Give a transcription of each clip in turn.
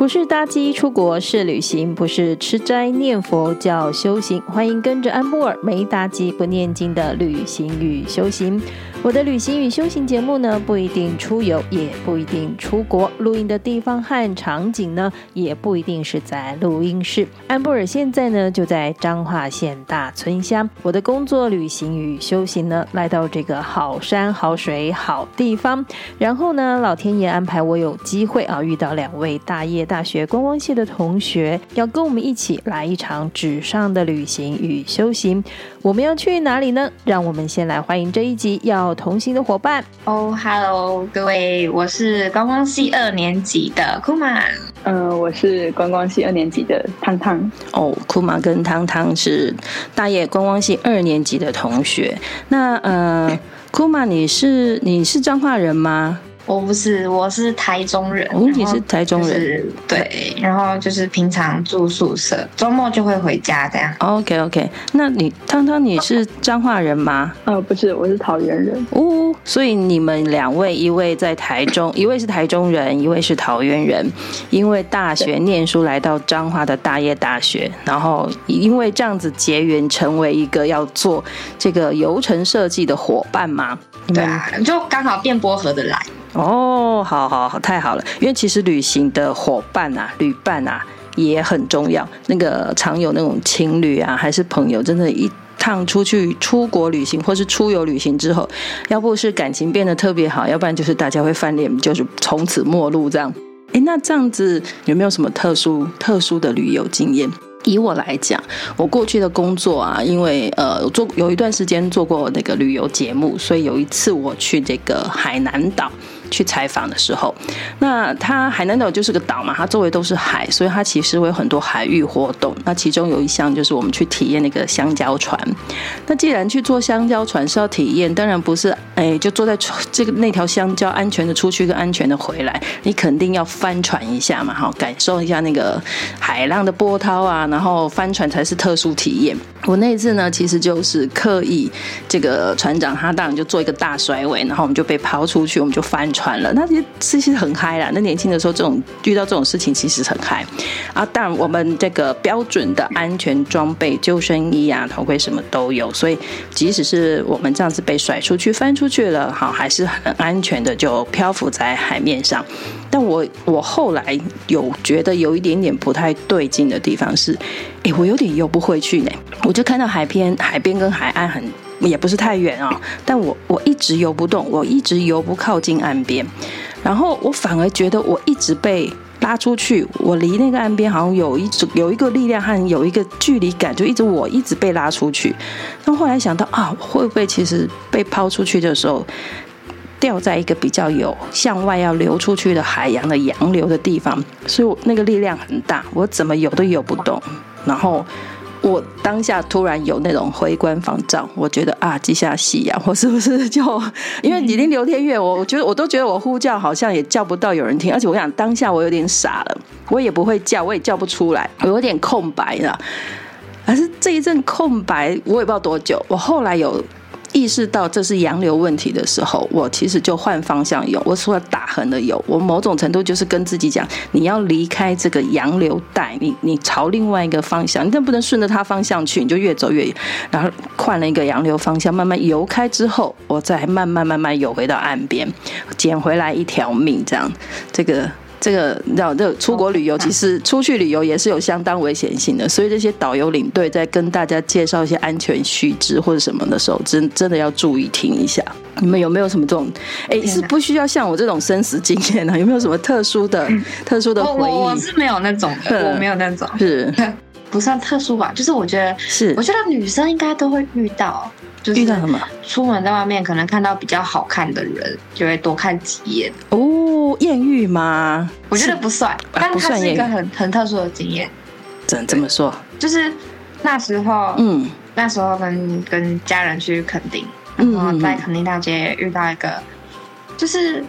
不是搭機出國是旅行，不是吃齋念佛叫修行。歡迎跟着安布爾，沒搭機不念經的旅行與修行。我的旅行與修行節目呢，不一定出遊，也不一定出國。錄音的地方和場景呢，也不一定是在錄音室。安布爾現在呢，就在彰化縣大村鄉。我的工作、旅行與修行呢，來到這個好山好水好地方。然後呢，老天爺安排我有機會啊，遇到兩位大葉大學觀光系的同學，要跟我們一起來一場紙上的旅行與修行。我們要去哪裡呢？讓我們先來歡迎這一集要.同行的夥伴哦、oh,，Hello，各位，我是觀光系二年級的庫瑪。呃，我是觀光系二年級的湯湯。哦，庫瑪跟湯湯是大葉觀光系二年級的同學。那呃，庫瑪，你是你是彰化人嗎？我不是，我是台中人，哦就是哦。你是台中人，對。然後就是平常住宿舍，周末就會回家這樣。OK OK，那你湯湯你是彰化人嗎？哦，不是，我是桃園人。哦，所以你們兩位，一位在台中， 一位是台中人，一位是桃園人，因為大學念書來到彰化的大葉大學，然後因為這樣子結緣，成為一個要做這個遊程設計的夥伴嗎？對啊，就剛好電波合得來！哦，好好好，太好了！因為其實旅行的伙伴啊、旅伴啊也很重要。那個常有那種情侶啊，還是朋友，真的，一趟出去出國旅行或是出遊旅行之後，要不是感情變得特別好，要不然就是大家會翻臉，就是從此陌路這樣。哎，那這樣子有沒有什麼特殊特殊的旅遊經驗？以我來講，我過去的工作啊，因為呃做有一段時間做過那個旅遊節目，所以有一次我去這個海南島。去採訪的時候，那它海南島就是個島嘛，它周圍都是海，所以它其實會有很多海域活動。那其中有一項就是我們去體驗那個香蕉船。那既然去坐香蕉船是要體驗，當然不是哎、欸，就坐在這個那條香蕉安全的出去跟安全的回來，你肯定要翻船一下嘛。好，感受一下那個海浪的波濤啊。然後翻船才是特殊體驗。我那一次呢，其實就是刻意這個船長他當然就做一個大甩尾，然後我們就被拋出去，我們就翻船了，那其實其實很嗨啦。那年輕的時候，這種遇到這種事情其實很嗨啊。當然，我們這個標準的安全裝備，救生衣啊、頭盔什麼都有，所以即使是我們這樣子被甩出去、翻出去了，好，還是很安全的，就漂浮在海面上。但我我後來有覺得有一點點不太對勁的地方是，哎、欸，我有點游不回去呢、欸。我就看到海邊，海邊跟海岸很。也不是太遠啊，哦，但我我一直游不動，我一直游不靠近岸邊，然後我反而覺得我一直被拉出去，我離那個岸邊好像有一種有一個力量和有一個距離感，就一直我一直被拉出去。那後來想到啊，會不會其實被拋出去的時候，掉在一個比較有向外要流出去的海洋的洋流的地方，所以我那個力量很大，我怎麼游都游不動，然後。我當下突然有那種回光返照，我覺得啊，這下夕陽，我是不是就因為你聽劉天月我我覺得我都覺得我呼叫好像也叫不到有人聽，而且我想當下我有點傻了，我也不會叫，我也叫不出來，我有點空白了。而是這一陣空白，我也不知道多久。我後來有意識到這是洋流問題的時候，我其實就換方向游。我說了打橫的游，我某種程度就是跟自己講：你要離開這個洋流帶，你你朝另外一個方向，你但不能順着它方向去，你就越走越遠。然後換了一個洋流方向，慢慢游開之後，我再慢慢慢慢游回到岸邊，撿回來一條命。這樣，這個。這個你知道，這個、出國旅遊其實出去旅遊也是有相當危險性的，所以這些導遊領隊在跟大家介紹一些安全須知或者什麼的時候，真真的要注意聽一下。你們有沒有什麼這種？哎，是不需要像我這種生死經驗呢、啊？有沒有什麼特殊的、嗯、特殊的回憶？憶？我是沒有那種的，我沒有那種，是、是不算特殊吧？就是我覺得是，我覺得女生應該都會遇到。就是遇到什麼，出門在外面可能看到比較好看的人，就會多看幾眼。哦，豔遇嗎？我覺得不算，但他是一個很很特殊的經驗。怎怎麼說？就是那時候，嗯，那時候跟跟家人去墾丁，然後在墾丁大街遇到一個，就是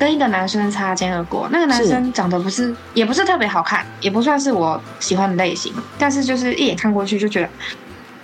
跟一個男生擦肩而過。那個男生長得不是，也不是特別好看，也不算是我喜歡的類型，但是就是一眼看過去就覺得，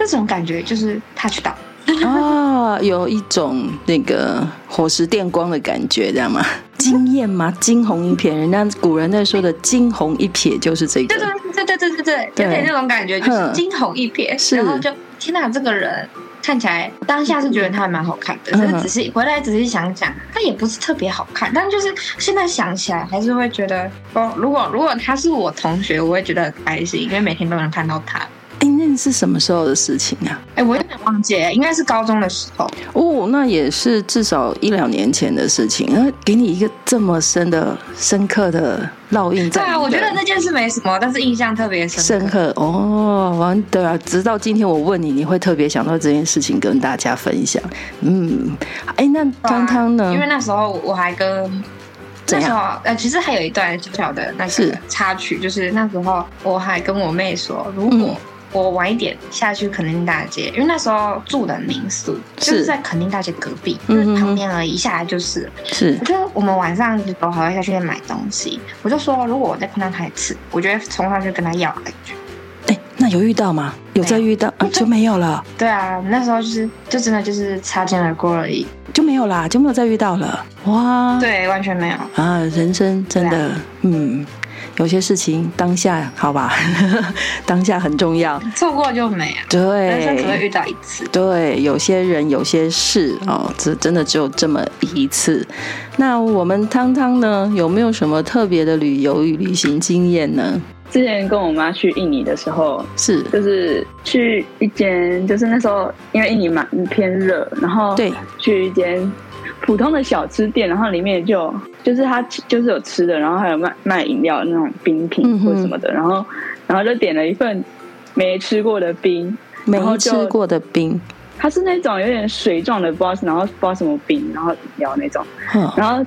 那種感覺就是 touch 到。啊、哦，有一種那個火石電光的感覺，這樣嗎？驚艷嗎？嗯、驚鴻一瞥，人家古人在說的驚鴻一瞥就是這個，對對對對對對對，有點那種感覺，就是驚鴻一瞥。然後就天吶，這個人看起來當下是覺得他還蠻好看的，但是仔細回來仔細想想，他也不是特別好看。但就是現在想起來，還是會覺得，哦，如果如果他是我同學，我會覺得很開心，因為每天都能看到他。那是什麼時候的事情啊？哎、欸，我有點忘記，應該是高中的時候。哦，那也是至少一兩年前的事情，然、啊、給你一個這麼深的、深刻的烙印。對啊，我覺得那件事沒什麼，但是印象特別深。深刻哦，對啊，直到今天我問你，你會特別想到這件事情跟大家分享？嗯，哎、欸，那湯湯呢、啊？因為那時候我，我還跟……怎樣？呃，其實還有一段小小的那個插曲，就是那時候我還跟我妹說，如果、嗯。我晚一點下去墾丁大街，因為那時候住的民宿是就是在墾丁大街隔壁，就是旁邊而已、嗯。下來就是，是。我覺得我們晚上都還會再去買東西。我就說，如果我再碰到他一次，我就會衝上去跟他要感覺。哎、欸，那有遇到嗎？有再遇到，啊，就沒有了？ 對啊，那時候就是就真的就是擦肩而過而已，就沒有啦，就沒有再遇到了。哇，對，完全沒有啊，人生真的，啊、嗯。有些事情當下好吧， 當下很重要，錯過就沒了。對，人生只會遇到一次。對，有些人有些事哦，這真的只有這麼一次。那我們湯湯呢，有沒有什麼特別的旅遊與旅行經驗呢？之前跟我媽去印尼的時候，是就是去一間，就是那時候因為印尼蠻偏熱，然後對去一間。普通的小吃店，然後裡面就就是它就是有吃的，然後還有賣賣飲料那種冰品或什麼的，嗯、然後然後就點了一份沒吃過的冰，沒吃過的冰，它是那種有點水狀的不知道，不知道是，然後包什麼冰，然後飲料那種，嗯、然後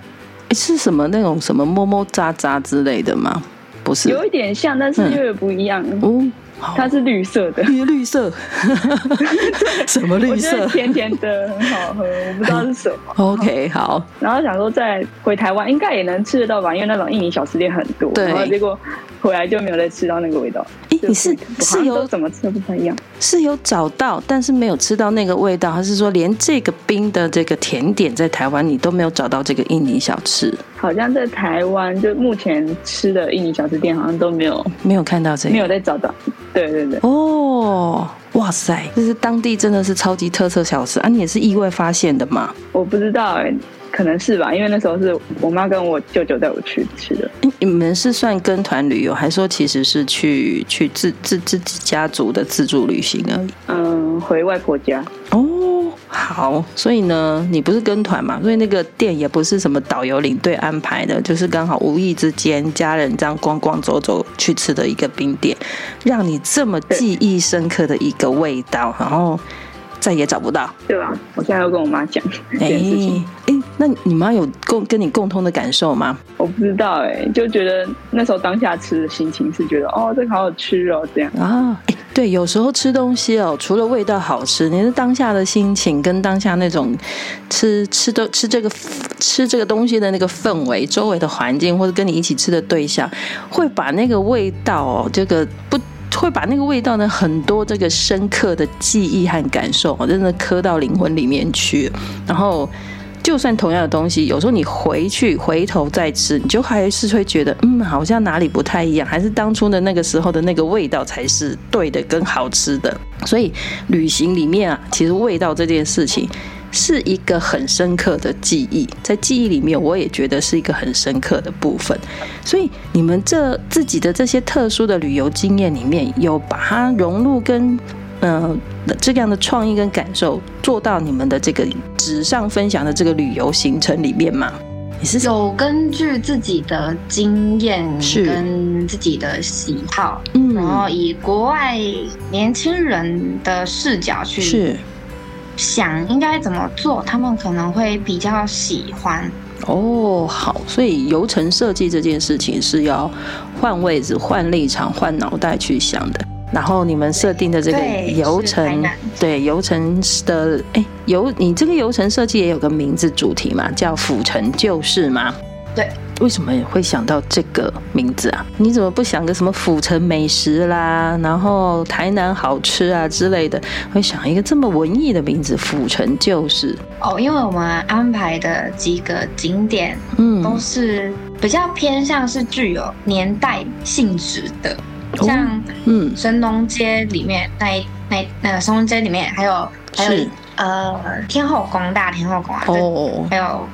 是什麼那種什麼摸摸渣渣之類的嗎？不是，有一點像，但是又有不一樣。嗯嗯它是綠色的，綠色， 什麼綠色？甜甜的，很好喝，我不知道是什麼。OK，好。然後想說再回台灣，應該也能吃得到吧，因為那種印尼小吃店很多。對。然後結果回來就沒有再吃到那個味道。哎、欸，你是是有怎麼吃的不太一樣？是有找到，但是沒有吃到那個味道，還是說連這個冰的這個甜點在台灣你都沒有找到這個印尼小吃？好像在台灣，就目前吃的印尼小吃店，好像都沒有沒有看到這，沒有再找到。對對對，哦，哇塞，這是當地真的是超級特色小吃啊！你也是意外發現的嗎？我不知道哎、欸。可能是吧，因為那時候是我媽跟我舅舅帶我去吃的。欸，你們是算跟團旅遊，還是說其實是去去自自自己家族的自助旅行而已？嗯，回外婆家。哦，好，所以呢，你不是跟團嘛，所以那個店也不是什麼導遊領隊安排的，就是剛好無意之間家人這樣逛逛走走去吃的一個冰店，讓你這麼記憶深刻的一個味道，然後。再也找不到，對吧？我現在要跟我媽講這件事情。哎、欸欸，那你媽有共跟你共通的感受嗎？我不知道、欸，哎，就覺得那時候當下吃的心情是覺得，哦，這個好好吃哦，這樣啊。哎、哦欸，對，有時候吃東西哦，除了味道好吃，你的當下的心情跟當下那種吃吃都吃這個吃這個東西的那個氛圍、周圍的環境或者跟你一起吃的對象，會把那個味道哦，這個不。會把那個味道呢，很多這個深刻的記憶和感受，哦，真的刻到靈魂裡面去。然後，就算同樣的東西，有時候你回去回頭再吃，你就還是會覺得，嗯，好像哪裡不太一樣，還是當初的那個時候的那個味道才是對的，更好吃的。所以，旅行裡面啊，其實味道這件事情。是一個很深刻的記憶，在記憶裡面，我也覺得是一個很深刻的部分。所以，你們這自己的這些特殊的旅遊經驗裡面，有把它融入跟嗯、呃、這樣的創意跟感受，做到你們的這個紙上分享的這個旅遊行程裡面嗎？你是有根據自己的經驗跟自己的喜好，嗯，然後以國外年輕人的視角去是。想應該怎麼做，他們可能會比較喜歡。哦，好，所以遊程設計這件事情是要換位置、換立場、換腦袋去想的。然後你們設定的這個遊程，對遊程的，哎、欸，遊你這個遊程設計也有個名字主題嘛，叫“府城舊事”嗎？對。為什麼也會想到這個名字啊？你怎麼不想個什麼府城美食啦，然後台南好吃啊之類的？會想一個這麼文藝的名字，府城舊事。哦。因為我們安排的幾個景點，嗯，都是比較偏向是具有年代性質的，像嗯，像神農街裡面那一那一那個神農街裡面還有還有呃天後宮，大天後宮啊，哦，對還有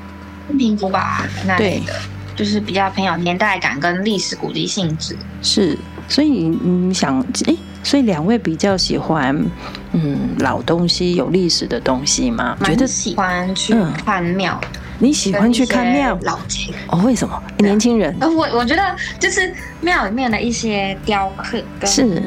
安平古堡啊那裡的。對就是比較偏有年代感跟歷史古蹟性質，是，所以你、嗯、想，哎、欸，所以兩位比較喜歡，嗯，老東西有歷史的東西嗎？覺得喜歡去看廟、嗯、你喜歡去看廟？老情哦，為什麼？欸啊、年輕人，我我覺得就是廟裡面的一些雕刻跟是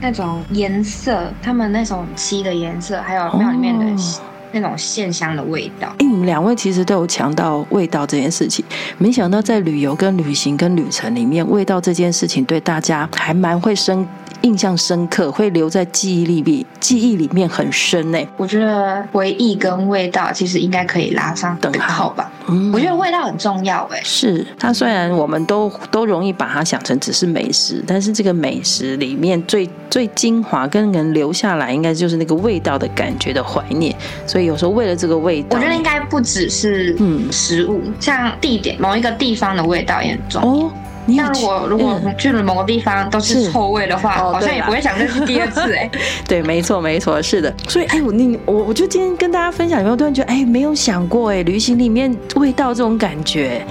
那種顏色，他們那種漆的顏色，還有廟裡面的。哦那種線香的味道，你們兩位其實都有強調味道這件事情，沒想到在旅遊、跟旅行、跟旅程裡面，味道這件事情對大家還蠻會深。印象深刻，會留在記憶裡面，記憶裡面很深呢、欸。我覺得回憶跟味道其實應該可以拉上等號吧。嗯，我覺得味道很重要哎、欸。是，它雖然我們都都容易把它想成只是美食，但是這個美食裡面最最精華跟人留下來，應該就是那個味道的感覺的懷念。所以有時候為了這個味道，我覺得應該不只是嗯食物嗯，像地點某一個地方的味道也很重要。哦你看，我、嗯、如果去了某個地方都是臭味的話，哦、好像也不會想再去第二次哎。 對，沒錯，沒錯，是的。所以，哎、欸，我你我，我就今天跟大家分享，有沒有突然覺得，哎、欸，沒有想過哎、欸，旅行裡面味道這種感覺，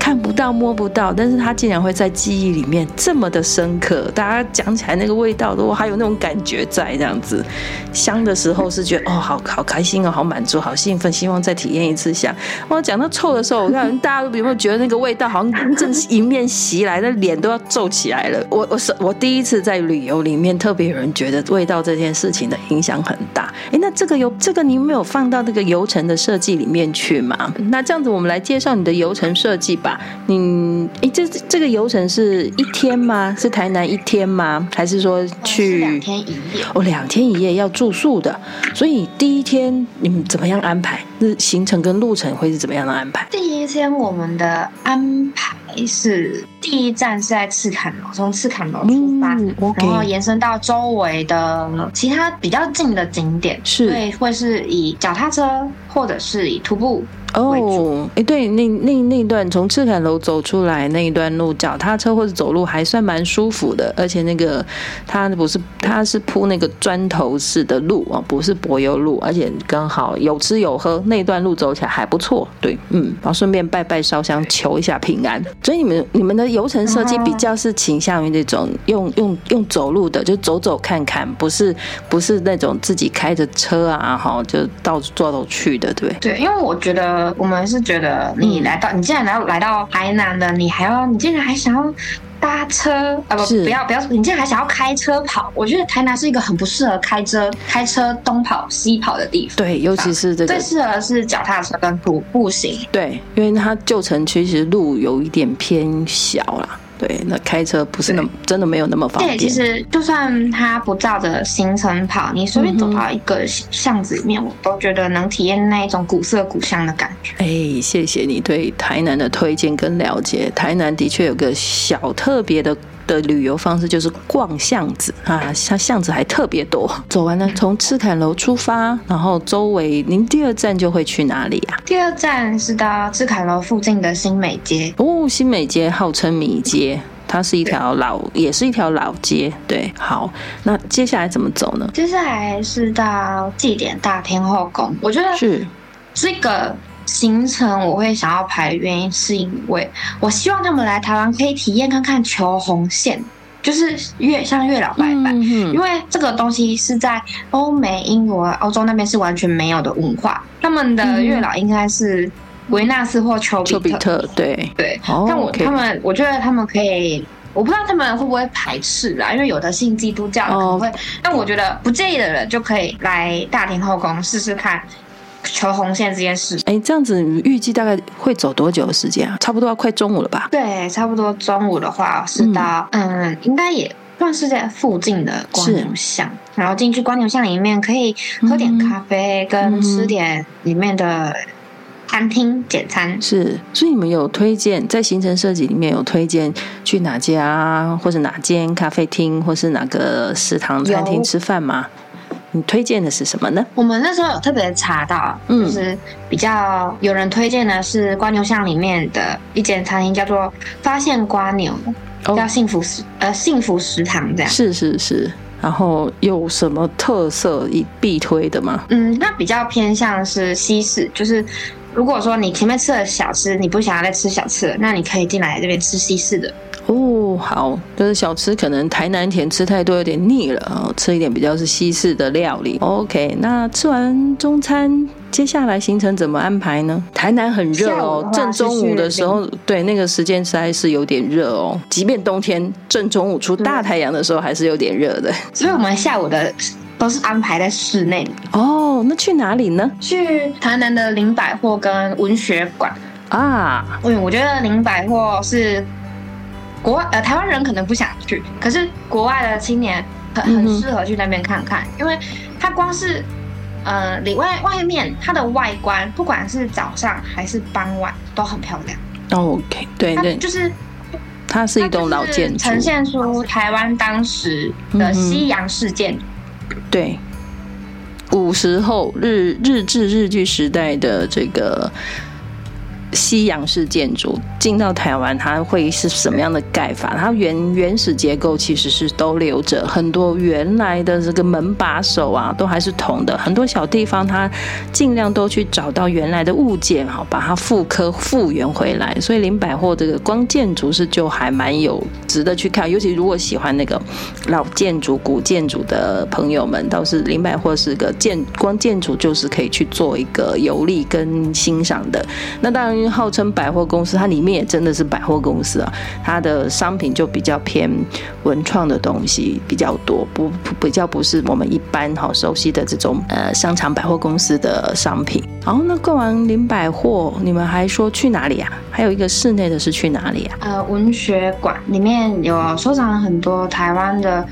看不到摸不到，但是它竟然會在記憶裡面這麼的深刻。大家講起來那個味道都，如果還有那種感覺在這樣子香的時候，是覺得哦，好好開心哦，好滿足，好興奮，希望再體驗一次香。我講到臭的時候，我看大家都有沒有覺得那個味道好像正迎面襲來的臉都要皺起來了。我我是我第一次在旅遊裡面，特別有人覺得味道這件事情的影響很大。哎，那這個有這個你有沒有放到這個遊程的設計裡面去嗎？那這樣子，我們來介紹你的遊程設計吧。你哎，這這個遊程是一天嗎？是台南一天嗎？還是說去、哦、是兩天一夜？哦，兩天一夜要住宿的。所以第一天你們怎麼樣安排？那行程跟路程會是怎麼樣的安排？第一天我們的安排。是第一站是在赤崁樓，從赤崁樓出發，嗯，然後延伸到周圍的其他比較近的景點，是對，會是以腳踏車或者是以徒步。哦，哎、欸，對，那那那一段從赤坎樓走出來那一段路叫，腳踏車或者走路還算蠻舒服的，而且那個它不是，它是鋪那個磚頭式的路啊，不是柏油路，而且剛好有吃有喝，那段路走起來還不錯。對，嗯，然後順便拜拜燒香求一下平安。所以你們你們的遊程設計比較是傾向於那種用用用走路的，就走走看看，不是不是那種自己開着車啊，哈，就到處坐來去的，對。對，因為我覺得。我們是覺得你來到，你竟然要來，來到台南了，你還要，你竟然還想要搭車啊？不、呃，不要，不要！你竟然還想要開車跑？我覺得台南是一個很不適合開車，開車東跑西跑的地方。對，尤其是這個，最適合是腳踏車跟步步行。對，因為它舊城區其實路有一點偏小啦。對，那開車不是那麼真的沒有那麼方便。對，其實就算它不照着行程跑、嗯，你隨便走到一個巷子裡面，我都覺得能體驗那一種古色古香的感覺。哎，謝謝你對台南的推薦跟了解，台南的確有個小特別的。的旅遊方式就是逛巷子啊，它巷、巷子還特別多。走完了從赤崁樓出發，然後周圍，您第二站就會去哪裡啊？第二站是到赤崁樓附近的新美街哦，新美街號稱米街、嗯，它是一條老，也是一條老街。對，好，那接下來怎麼走呢？接下來是到祀典大天後宮，我覺得是這個。行程我會想要排的原因是因為我希望他們來台灣可以體驗看看求紅線，就是月像月老拜拜，因為這個東西是在歐美、英國、歐洲那邊是完全沒有的文化，他們的月老應該是維納斯或丘比特，對對。但我他們我覺得他們可以，我不知道他們會不會排斥啦，因為有的信基督教的可能會，但我覺得不介意的人就可以來大天後宮試試看。求紅線這件事，哎，這樣子你預計大概會走多久的時間啊？差不多要快中午了吧？對，差不多中午的話是到嗯，嗯，應該也算是在附近的蝸牛巷，然後進去蝸牛巷裡面可以喝點咖啡、嗯、跟吃點裡面的餐廳簡、嗯、餐。是，所以你們有推薦在行程設計裡面有推薦去哪家或者哪間咖啡廳，或是哪個食堂餐廳吃飯嗎？你推薦的是什麼呢？我們那時候有特別查到，嗯，就是比較有人推薦的是蝸牛巷裡面的一間餐廳，叫做發現蝸牛、哦，叫幸福食呃幸福食堂這樣。是是是，然後有什麼特色必必推的嗎？嗯，那比較偏向是西式，就是如果說你前面吃了小吃，你不想要再吃小吃了，那你可以進來這邊吃西式的。哦，好，就是小吃可能台南甜吃太多，有點膩了，吃一點比較是西式的料理。OK，那吃完中餐，接下來行程怎麼安排呢？台南很熱哦，正中午的時候，對那個時間實在是有點熱哦。即便冬天正中午出大太陽的時候，還是有點熱的。 所以我們下午的都是安排在室內。哦，那去哪裡呢？去台南的林百貨跟文學館啊。嗯，我覺得林百貨是。國外呃，台灣人可能不想去，可是國外的青年，很很適合去那邊看看，嗯、因為它光是呃裡外外面它的外觀，不管是早上還是傍晚都很漂亮。哦、OK，對、就是、對，他就是它是一棟老建築，呈現出台灣當時的西洋事件。嗯、對，古時候日日治日據時代的這個。西洋式建築進到台灣，它會是什麼樣的蓋法？它原原始結構其實是都留着很多原來的這個門把手啊，都還是銅的。很多小地方，它盡量都去找到原來的物件，哈，把它復刻復原回來。所以林百貨這個光建築是就還蠻有值得去看，尤其如果喜歡那個老建築、古建築的朋友們，倒是林百貨是個建光建築就是可以去做一個遊歷跟欣賞的。那當然。因為號稱百貨公司，它裡面也真的是百貨公司啊，它的商品就比較偏文創的東西比較多，不比較不是我們一般好熟悉的這種呃商場百貨公司的商品。然後，哦，那逛完林百貨，你們還說去哪裡啊？還有一個室內的是去哪裡啊？呃，文學館裡面有收藏很多台灣的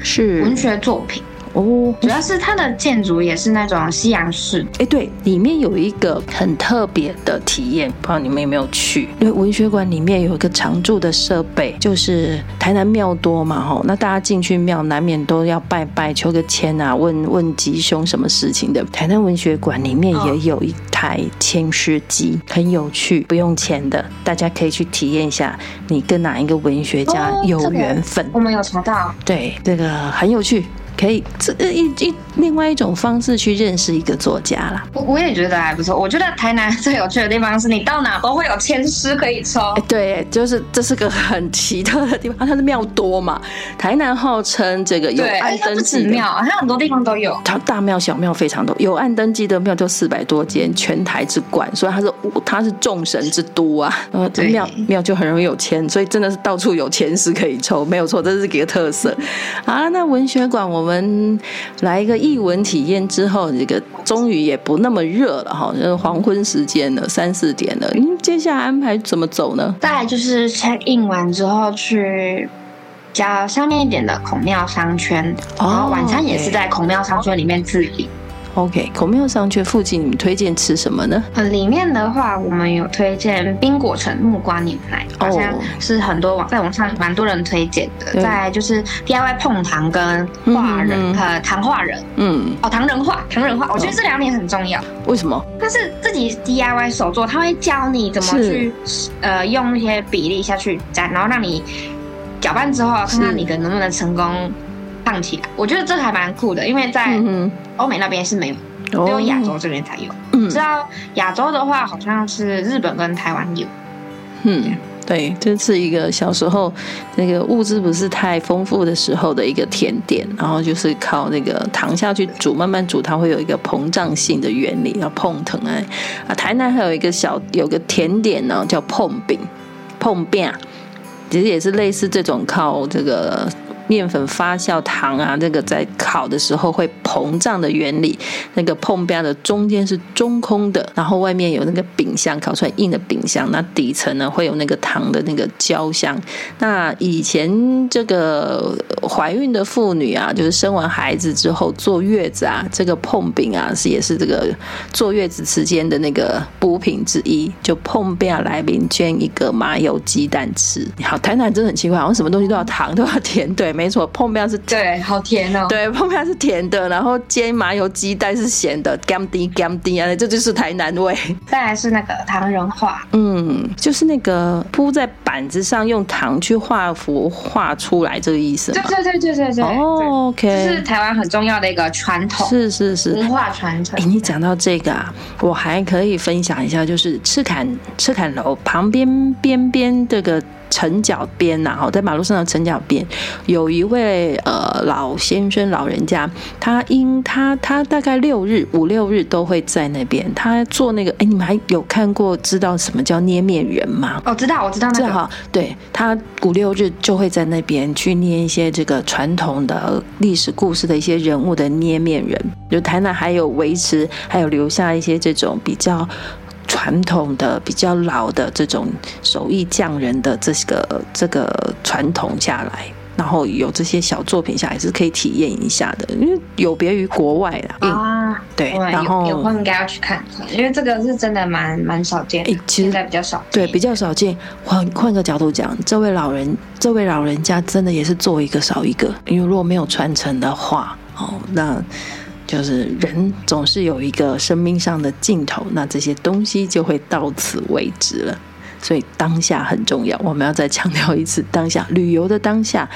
文學作品。哦，主要是它的建築也是那種西洋式。哎，對，裡面有一個很特別的體驗，不知道你們有沒有去？對，文學館裡面有一個常駐的設備，就是台南廟多嘛，哈，那大家進去廟難免都要拜拜，求個籤啊，問問吉凶什麼事情的。台南文學館裡面也有一台籤詩機，哦，很有趣，不用錢的，大家可以去體驗一下，你跟哪一個文學家有緣分？哦，這個，我們有查到，對，這個很有趣。可以這一一另外一種方式去認識一個作家啦。我我也覺得還不錯。我覺得台南最有趣的地方是你到哪都會有籤詩可以抽。欸、對、欸，就是這是個很奇特的地方，啊、它的廟多嘛。台南號稱這個有暗登記廟、欸欸，它很多地方都有它大廟小廟非常多，有暗登記的廟就四百多間，全台之冠。所以它是它是眾神之都啊。呃、啊，廟廟就很容易有籤，所以真的是到處有籤詩可以抽，沒有錯，這是一個特色。 啊，那文學館我們。我們來一個譯文體驗之後，這個終於也不那麼熱了哈，就是黃昏時間了，三四點了，嗯。接下來安排怎麼走呢？再就是 check in 完之後去，加上面一點的孔廟商圈，哦，然後晚餐也是在孔廟商圈裡面自理。哦 okay. 嗯 OK，孔廟商圈附近，你們推薦吃什麼呢？呃、嗯，裡面的話，我們有推薦冰果城木瓜牛奶，好、哦、像是很多網在網上蠻多人推薦的，在就是 DIY 碰糖跟畫人嗯嗯呃糖畫人，嗯，哦糖人畫糖人畫、哦，我覺得這兩點很重要。哦、為什麼？它是自己 DIY 手作，他會教你怎麼去呃用一些比例下去粘，然後讓你攪拌之後，看看你的能不能成功。放起來，我覺得這還蠻酷的，因為在歐美那邊是沒有，只、嗯、有亞洲這邊才有。知、哦、道、嗯、亞洲的話，好像是日本跟台灣有。嗯，對，對這是一個小時候那、這個物資不是太豐富的時候的一個甜點，然後就是靠那個糖下去煮，慢慢煮，它會有一個膨脹性的原理，叫碰騰哎。啊，台南還有一個小有個甜點呢、哦，叫碰餅，碰餅，其實也是類似這種靠這個。麵粉發酵糖啊，那個在烤的時候會膨脹的原理。那個椪餅的中間是中空的，然後外面有那個餅香，烤出來硬的餅香。那底層呢會有那個糖的那個焦香。那以前這個懷孕的婦女啊，就是生完孩子之後坐月子啊，這個椪餅啊是也是這個坐月子期間的那個補品之一，就椪餅來賓煎一個麻油雞蛋吃。好，台南真的很奇怪，好像什麼東西都要糖都要甜，對。沒錯，泡麵是對，好甜哦。對，泡麵是甜的，然後煎麻油雞蛋是鹹的，甘甜甘甜啊，這就是台南味。再來是那個糖人畫，嗯，就是那個鋪在板子上用糖去畫幅，畫出來，這個意思。對對對對對對，哦，OK。這、就是台灣很重要的一個傳統，是是是，文化傳承，誒，你講到這個啊，我還可以分享一下，就是赤坎赤坎樓旁邊邊邊這個。城角邊吶，好，在馬路上的城角邊，有一位呃老先生老人家，他因他他大概六日五六日都會在那邊，他做那個，哎、欸，你們還有看過知道什麼叫捏麵人嗎？哦，知道，我知道那個。哈，對，他五六日就會在那邊去捏一些這個傳統的歷史故事的一些人物的捏麵人，就台南還有維持還有留下一些這種比較。傳統的比較老的這種手藝匠人的這個這個傳統下來，然後有這些小作品下來是可以體驗一下的，因為有別於國外的啊、嗯，對，然後有空應該要去看，因為這個是真的蠻蠻少見，欸、其實現在比較少，對，比較少見。換換個角度講，這位老人，這位老人家真的也是做一個少一個，因為如果沒有傳承的話，哦，那。就是人總是有一個生命上的盡頭，那這些東西就會到此為止了。所以當下很重要，我們要再強調一次：當下旅遊的當下，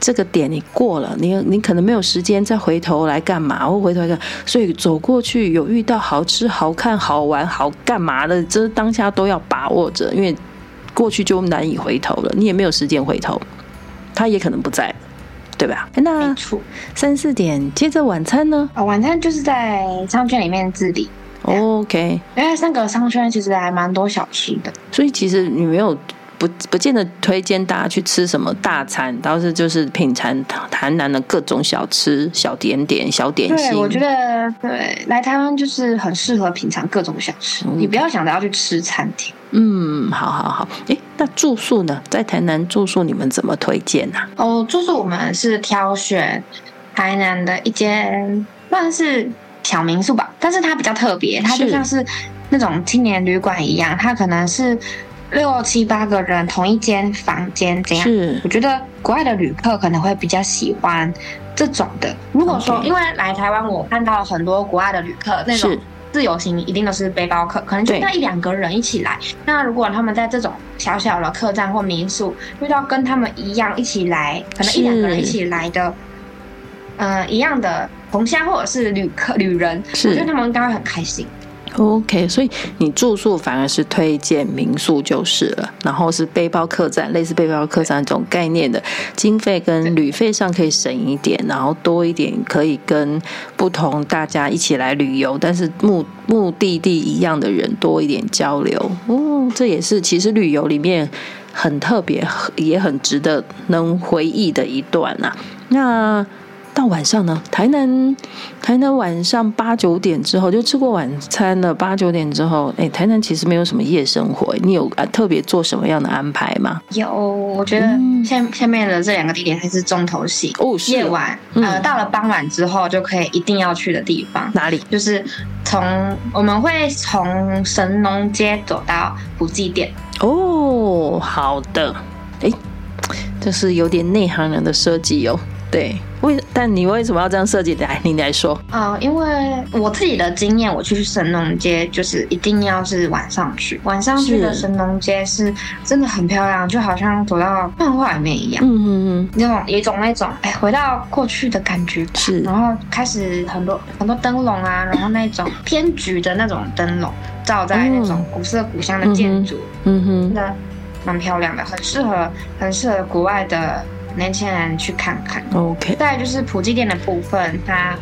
這個點你過了，你你可能沒有時間再回頭來幹嘛？我回頭來看，所以走過去有遇到好吃、好看、好玩、好幹嘛的，這當下都要把握着，因為過去就難以回頭了，你也沒有時間回頭，他也可能不在。對吧？那三四點接着晚餐呢？啊、哦，晚餐就是在商圈裡面自理。Oh, OK，因為那個商圈其實還蠻多小吃的，所以其實你沒有。不，不見得推薦大家去吃什麼大餐，倒是就是品嘗台南的各種小吃、小點點、小點心。對，我覺得對，來台灣就是很適合品嘗各種小吃。Okay. 你不要想着要去吃餐廳。嗯，好好好。哎，那住宿呢？在台南住宿，你們怎麼推薦呢？啊？哦，住宿我們是挑選台南的一間算是小民宿吧，但是它比較特別，它就像是那種青年旅館一樣，它可能是。六七八個人同一間房間怎樣？是，我覺得國外的旅客可能會比較喜歡這種的。如果說、okay. 因為來台灣，我看到很多國外的旅客那種自由行，一定都是背包客，可能就那一兩個人一起來。那如果他們在這種小小的客棧或民宿遇到跟他們一樣一起來，可能一兩個人一起來的，呃，一樣的同鄉或者是旅客旅人，我覺得他們應該會很開心。OK，所以你住宿反而是推薦民宿就是了，然後是背包客棧，類似背包客棧這種概念的，經費跟旅費上可以省一點，然後多一點可以跟不同大家一起來旅遊，但是目目的地一樣的人多一點交流，哦，這也是其實旅遊裡面很特別，也很值得能回憶的一段吶、啊。那。到晚上呢，台南，台南晚上八九點之後就吃過晚餐了。八九點之後，哎、欸，台南其實沒有什麼夜生活、欸。你有啊特別做什麼樣的安排嗎？有，我覺得下、嗯、下面的這兩個地點還是重頭戲哦。夜晚、嗯，呃，到了傍晚之後就可以一定要去的地方。哪裡？就是從我們會從神農街走到普濟殿。哦，好的。哎、欸，這是有點內行人的設計哦。對，為但你為什麼要這樣設計？來，你來說。啊、呃，因為我自己的經驗，我去神農街就是一定要是晚上去。晚上去的神農街是真的很漂亮，就好像走到漫畫裡面一樣。嗯嗯嗯。那種有一種那種哎，回到過去的感覺吧。是。然後開始很多很多燈籠啊，然後那種偏橘的那種燈籠，照在那種古色古香的建築。嗯哼。那、嗯嗯嗯、蠻漂亮的，很適合很適合國外的年輕人去看看。OK。再來就是普濟殿的部分，它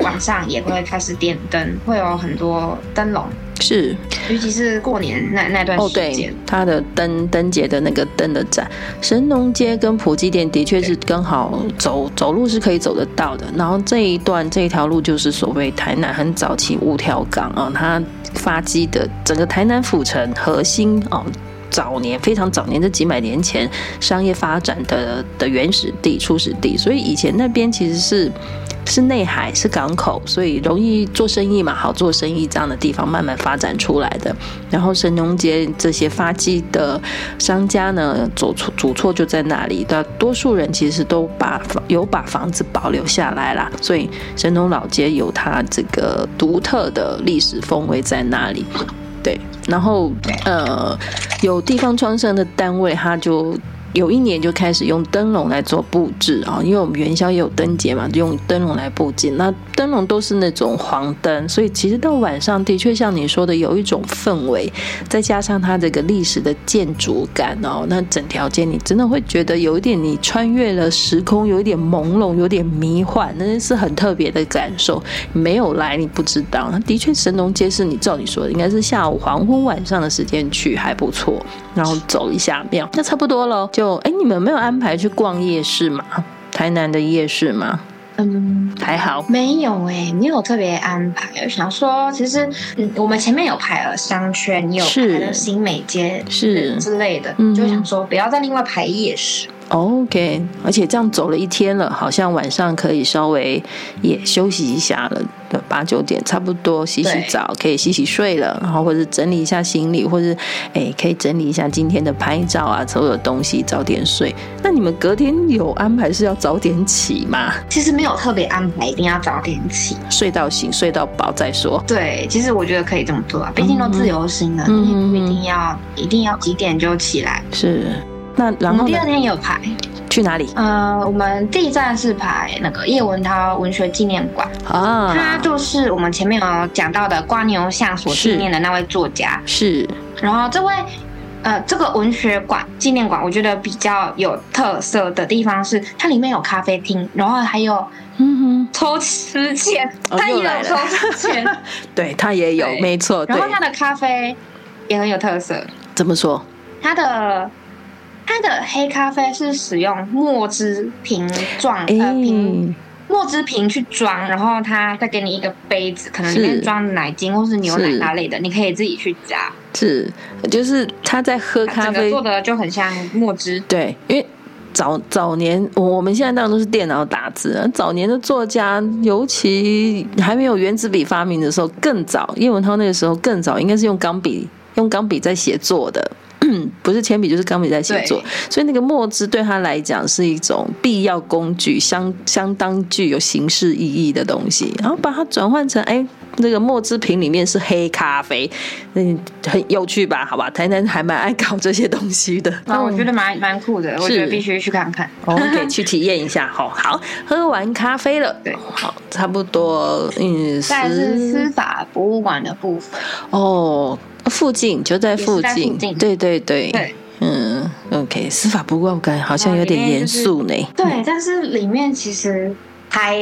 晚上也會開始點燈，會有很多燈籠。是，尤其是過年那那段時間、oh，它的燈燈節的那個燈的展。神農街跟普濟殿的確是剛好走、okay. 走，走路是可以走得到的。然後這一段這條路就是所謂台南很早期五條港啊，它發跡的整個台南府城核心哦。早年非常早年，這幾百年前商業發展的的原始地、初始地，所以以前那邊其實是是內海、是港口，所以容易做生意嘛，好做生意這樣的地方慢慢發展出來的。然後神農街這些發跡的商家呢，祖厝祖厝就在那裡，但多數人其實都把有把房子保留下來了，所以神農老街有它這個獨特的歷史風味在那裡，對。然後，呃，有地方創生的單位，他就。有一年就開始用燈籠來做布置啊，哦，因為我們元宵也有燈節嘛，就用燈籠來布置。那燈籠都是那種黃燈，所以其實到晚上的確像你說的有一種氛圍，再加上它這個歷史的建築感哦，那整條街你真的會覺得有一點你穿越了時空，有一點朦朧，有點迷幻，那是很特別的感受。沒有來你不知道，那的確神農街是你照你說的，應該是下午黃昏晚上的時間去還不錯，然後走一下廟，那差不多了。就哎，你們沒有安排去逛夜市嗎？台南的夜市嗎？嗯，還好，沒有誒，沒有特別安排。我想說，其實嗯，我們前面有排了商圈，有排了新美街是、嗯、是之類的，就想說、嗯、不要再另外排夜市。OK，而且這樣走了一天了，好像晚上可以稍微也休息一下了。八九點差不多，洗洗澡，可以洗洗睡了，然後或者整理一下行李，或是哎可以整理一下今天的拍照啊、所有東西，早點睡。那你們隔天有安排是要早點起嗎？其實沒有特別安排，一定要早點起，睡到醒，睡到飽再說。對，其實我覺得可以這麼做啊，畢竟都自由行了、嗯嗯，你也不一定要一定要幾點就起來。是，那然後第二天也有排，去哪裡？呃，我們第一站是排那個葉文濤文學紀念館啊，他、oh. 就是我們前面有講到的蝸牛巷所紀念的那位作家是。然後這位，呃，這個文學館紀念館，我覺得比較有特色的地方是，它裡面有咖啡廳，然後還有呵呵抽詩籤，也有抽詩籤，哦 ，對，他也有，沒錯。然後他的咖啡也很有特色，怎麼說？他的。它的黑咖啡是使用墨汁瓶裝，的、欸呃、瓶墨汁瓶去裝，然後它再給你一個杯子，可能是裝奶精是或是牛奶那類的，你可以自己去加。是，就是他在喝咖啡他做的就很像墨汁。對，因為早早年，我們現在當然都是電腦打字，早年的作家，尤其還沒有原子筆發明的時候更早，葉文濤那個時候更早，應該是用鋼筆。用鋼筆在寫作的，不是鉛筆就是鋼筆在寫作，所以那個墨汁對他來講是一種必要工具，相相當具有形式意義的東西，然後把它轉換成誒那、這個墨汁瓶裡面是黑咖啡，你很有趣吧？好吧，台南還蠻愛搞這些東西的。那、嗯、我覺得蠻蠻酷的，我覺得必須去看看，可 以、okay, 去體驗一下。好好，喝完咖啡了，對，好，好差不多。嗯，但是司法博物館的部分哦，附近就在附近，在附近，對對對，對嗯，OK，司法博物館我感覺好像有點嚴肅呢、就是。對，但是裡面其實還。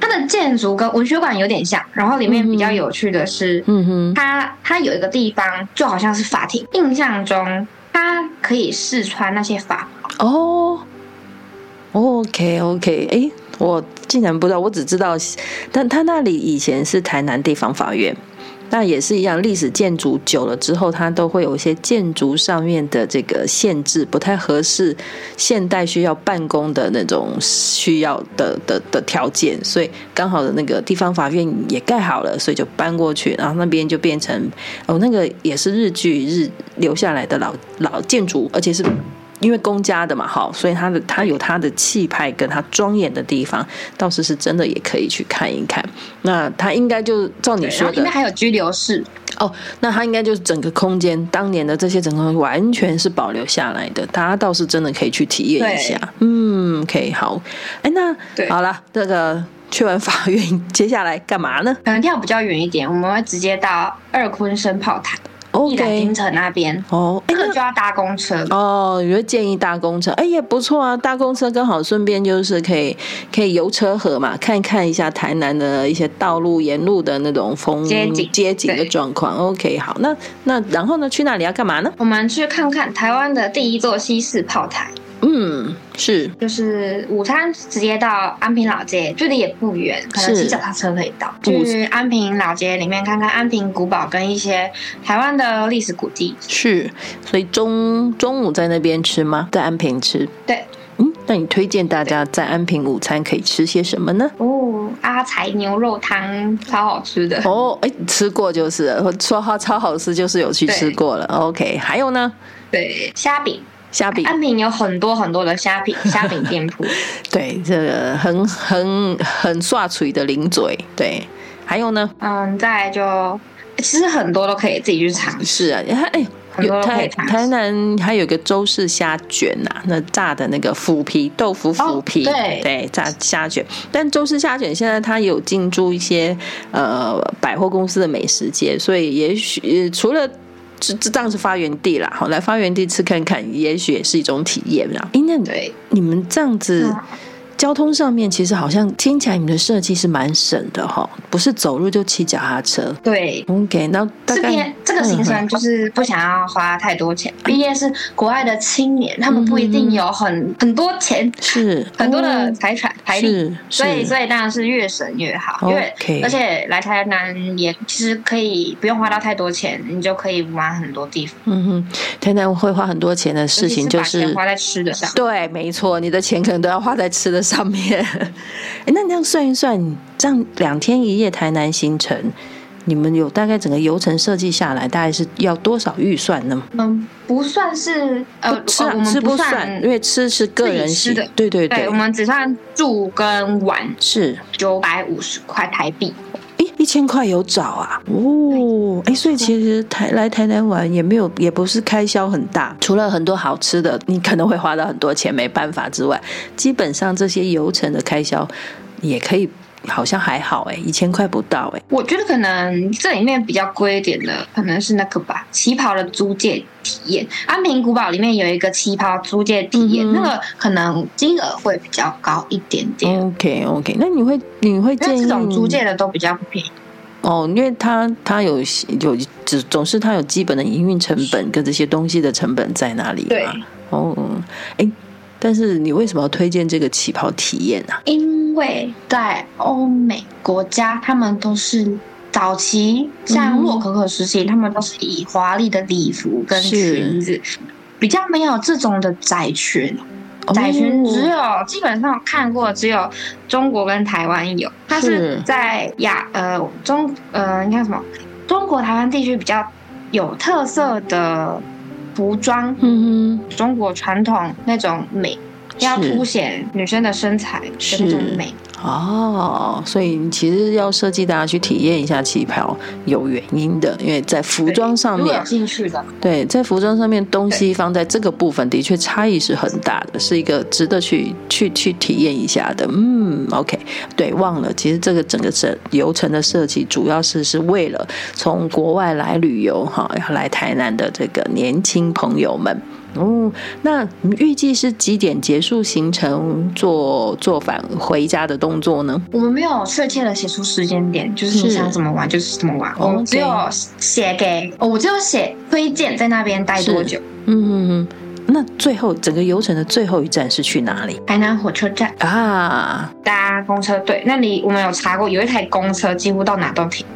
它的建築跟文學館有點像，然後裡面比較有趣的是，嗯哼，嗯哼它它有一個地方就好像是法庭，印象中他可以試穿那些法袍哦、oh,，OK OK，哎、欸，我竟然不知道，我只知道，但他那裡以前是台南地方法院。那也是一樣，歷史建築久了之後，它都會有一些建築上面的這個限制，不太合適現代需要辦公的那種需要的的的條件，所以剛好的那個地方法院也蓋好了，所以就搬過去，然後那邊就變成哦，那個也是日據日留下來的老老建築，而且是。因為公家的嘛，好，所以他的他有他的氣派跟他莊嚴的地方，倒是是真的也可以去看一看。那他應該就照你說的，應該還有拘留室哦。那他應該就是整個空間當年的這些整個完全是保留下來的，大家倒是真的可以去體驗一下。嗯，可以。Okay, 好。哎，那好了，這個去完法院，接下來幹嘛呢？可能跳比較遠一點，我們會直接到二鯤鯓炮台。哦，億載金城那邊哦，那個就要搭公車、欸、哦。你就建議搭公車，哎、欸、也不錯啊，搭公車剛好順便就是可以可以遊車河嘛，看看一下台南的一些道路沿路的那種風景街景的狀況。OK，好，那那然後呢，去哪裡要幹嘛呢？我們去看看台灣的第一座西式炮台。嗯，是，就是午餐直接到安平老街，距離也不遠，可能騎腳踏車可以到是。去安平老街裡面看看安平古堡跟一些台灣的歷史古蹟。是，所以中中午在那邊吃嗎？在安平吃。對，嗯，那你推薦大家在安平午餐可以吃些什麼呢？哦，阿財牛肉湯，超好吃的。哦，哎、欸，吃過就是，說他超好吃就是有去吃過了。OK，還有呢？對，蝦餅。蝦餅，安平有很多很多的蝦餅，蝦餅店鋪 。對，這個很很很耍嘴的零嘴。對，還有呢，嗯，再來就其實很多都可以自己去嘗試啊。你、欸、看，有台台南還有一個周氏蝦卷吶、啊，那炸的那個腐皮豆腐腐皮，哦、對對，炸蝦卷。但周氏蝦卷現在它有進駐一些呃百貨公司的美食街，所以也許、呃、除了。這這樣子發源地啦，好來發源地吃看看，也許也是一種體驗啦。因對，你們這樣子。嗯交通上面其實好像聽起來你們的設計是蠻省的哈，不是走路就騎腳踏車。對，OK，那這邊這個行程就是不想要花太多錢，嗯、畢竟是國外的青年，他們不一定有很、嗯、很多錢，是很多的財產、嗯、財力，是。所以所以當然是越省越好，okay. 因為而且來台南也其實可以不用花到太多錢，你就可以玩很多地方。嗯哼，台南會花很多錢的事情就是，是花在吃的上，對，沒錯，你的錢可能都要花在吃的上。上面，哎、欸，那你這樣算一算，這樣兩天一夜台南行程，你們有大概整個遊程設計下來，大概是要多少預算呢？嗯，不算是，哦、呃，吃我們、呃呃、不算，因為吃是個人吃的，對對對，對，我們只算住跟玩，是九百五十塊台幣。哎、欸，一千塊有找啊？哦，哎，所、欸、以其實台來台南玩也沒有，也不是開銷很大，除了很多好吃的，你可能會花到很多錢，沒辦法之外，基本上這些遊程的開銷也可以。好像還好哎、欸，一千塊不到哎、欸。我覺得可能這裡面比較貴一點的，可能是那個吧，旗袍的租借體驗。安平古堡裡面有一個旗袍租借體驗、嗯嗯，那個可能金額會比較高一點點。OK OK，那你會你會建議？因為這種租借的都比較便宜哦，因為它它有有總總是它有基本的營運成本跟這些東西的成本在哪裡？對，哦，哎、欸。但是你為什麼要推薦這個旗袍體驗呢、啊？因為在歐美國家，他們都是早期、嗯、像洛可可時期，他們都是以華麗的禮服跟裙子，比較沒有這種的窄裙，窄、哦、裙只有基本上看過只有中國跟台灣有，它是在亞呃中呃你看什麼中國台灣地區比較有特色的。服裝，嗯嗯，中國傳統那種美，要凸顯女生的身材的那種美。哦，所以其實要設計大家去體驗一下旗袍有原因的，因為在服裝上面對,對，在服裝上面東西方在這個部分的確差異是很大的，是一個值得去去去體驗一下的。嗯，OK，對，忘了，其實這個整個遊程的設計主要是是為了從國外來旅遊哈，然後來台南的這個年輕朋友們。哦、嗯，那預計是幾點結束行程做做返回家的動作呢？我們沒有確切的寫出時間點，就是你想怎麼玩就是怎麼玩，我們只有寫給我就寫推薦在那邊待多久。嗯嗯嗯，那最後整個遊程的最後一站是去哪裡？台南火車站啊，搭公車對，那裡我們有查過，有一台公車幾乎到哪都停。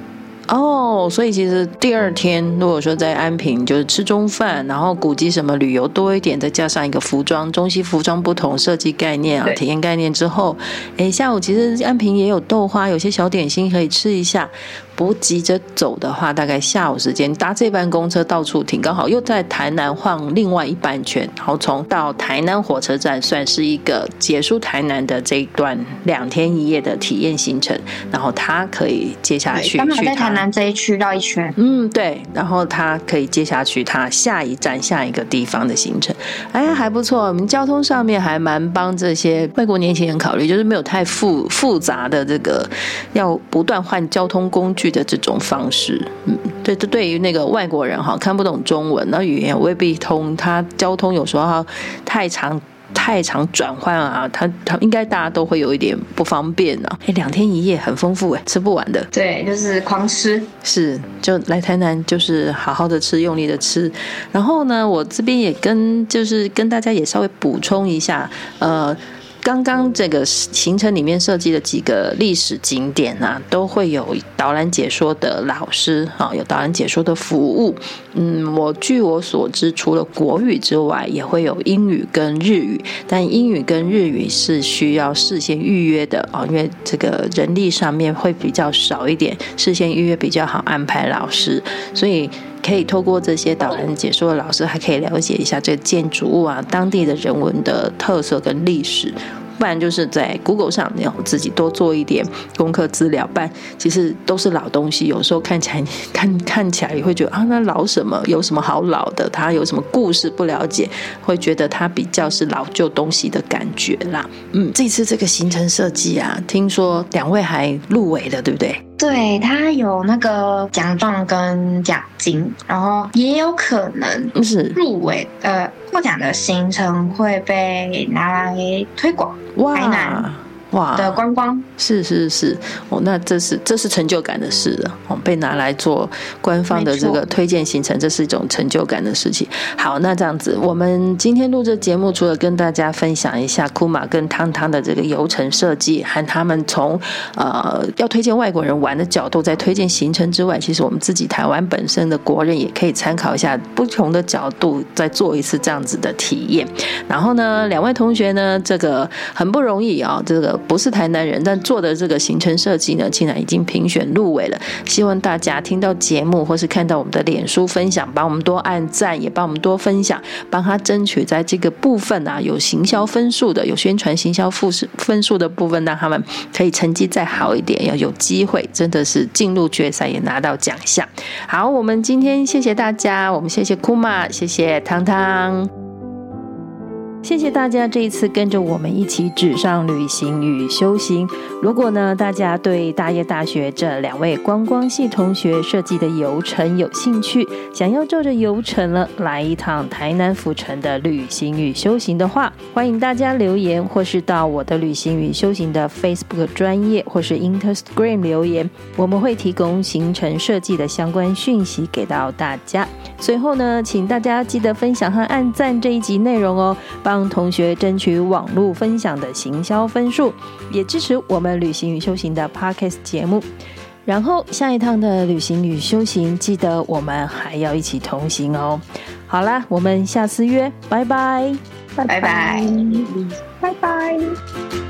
哦、oh，所以其實第二天，如果說在安平就是吃中飯，然後古蹟什麼旅遊多一點，再加上一個服裝，中西服裝不同設計概念啊，體驗概念之後，哎，下午其實安平也有豆花，有些小點心可以吃一下。不急着走的話，大概下午時間搭這班公車到處停，剛好又在台南換另外一班圈。然後從到台南火車站，算是一個結束台南的這一段兩天一夜的體驗行程。然後他可以接下來去，剛好在台南這一區繞一圈。嗯，對。然後他可以接下去他下一站下一個地方的行程。哎呀，還不錯，我們交通上面還蠻幫這些外國年輕人考慮，就是沒有太複複雜的這個要不斷換交通工具。去的這種方式，嗯，對，對於那個外國人哈，看不懂中文，那語言未必通，他交通有時候太長太長轉換啊，他他應該大家都會有一點不方便啊。哎，兩天一夜很豐富哎，吃不完的，對，就是狂吃，是，就來台南就是好好的吃，用力的吃。然後呢，我這邊也跟就是跟大家也稍微補充一下，呃。剛剛這個行程裡面設計的幾個歷史景點啊，都會有導覽解說的老師，哦，有導覽解說的服務。嗯，我據我所知，除了國語之外，也會有英語跟日語，但英語跟日語是需要事先預約的，哦，因為這個人力上面會比較少一點，事先預約比較好安排老師，所以。可以透過這些導覽解說的老師，還可以了解一下這個建築物啊，當地的人文的特色跟歷史。不然就是在 Google 上要自己多做一點功課資料，但其實都是老東西，有時候看起來看看起來也會覺得啊，那老什麼，有什麼好老的？它有什麼故事不了解，會覺得它比較是老舊東西的感覺啦。嗯，這次這個行程設計啊，聽說兩位還入圍了，對不對？對，他有那個獎狀跟獎金，然後也有可能就是入圍、嗯，呃，獲獎的行程會被拿來推廣哇。哇！對，觀光是是是哦，那這是這是成就感的事了，我們、哦、被拿來做官方的這個推薦行程，這是一種成就感的事情。好，那這樣子，我們今天錄這節目，除了跟大家分享一下庫瑪跟湯湯的這個遊程設計，和他們從呃要推薦外國人玩的角度在推薦行程之外，其實我們自己台灣本身的國人也可以參考一下不同的角度，再做一次這樣子的體驗。然後呢，兩位同學呢，這個很不容易啊、哦，這個。不是台南人，但做的這個行程設計呢，竟然已經評選入圍了。希望大家聽到節目或是看到我們的臉書分享，幫我們多按讚，也幫我們多分享，幫他爭取在這個部分啊，有行銷分數的，有宣傳行銷複試分數的部分，讓他們可以成績再好一點，要有機會，真的是進入決賽也拿到獎項。好，我們今天謝謝大家，我們謝謝 KUMA，謝謝湯湯。謝謝大家這一次跟着我們一起紙上旅行與修行。如果呢，大家對大葉大學這兩位觀光系同學設計的遊程有興趣，想要照着遊程呢來一趟台南府城的旅行與修行的話，歡迎大家留言或是到我的旅行與修行的 Facebook 專頁或是 Instagram 留言，我們會提供行程設計的相關訊息給到大家。最後呢，請大家記得分享和按讚這一集內容哦，幫同學爭取網路分享的行銷分數，也支持我們旅行與修行的 Podcast 節目。然後下一趟的旅行與修行，記得我們還要一起同行哦、喔。好啦，我們下次約，拜拜，拜拜，拜拜。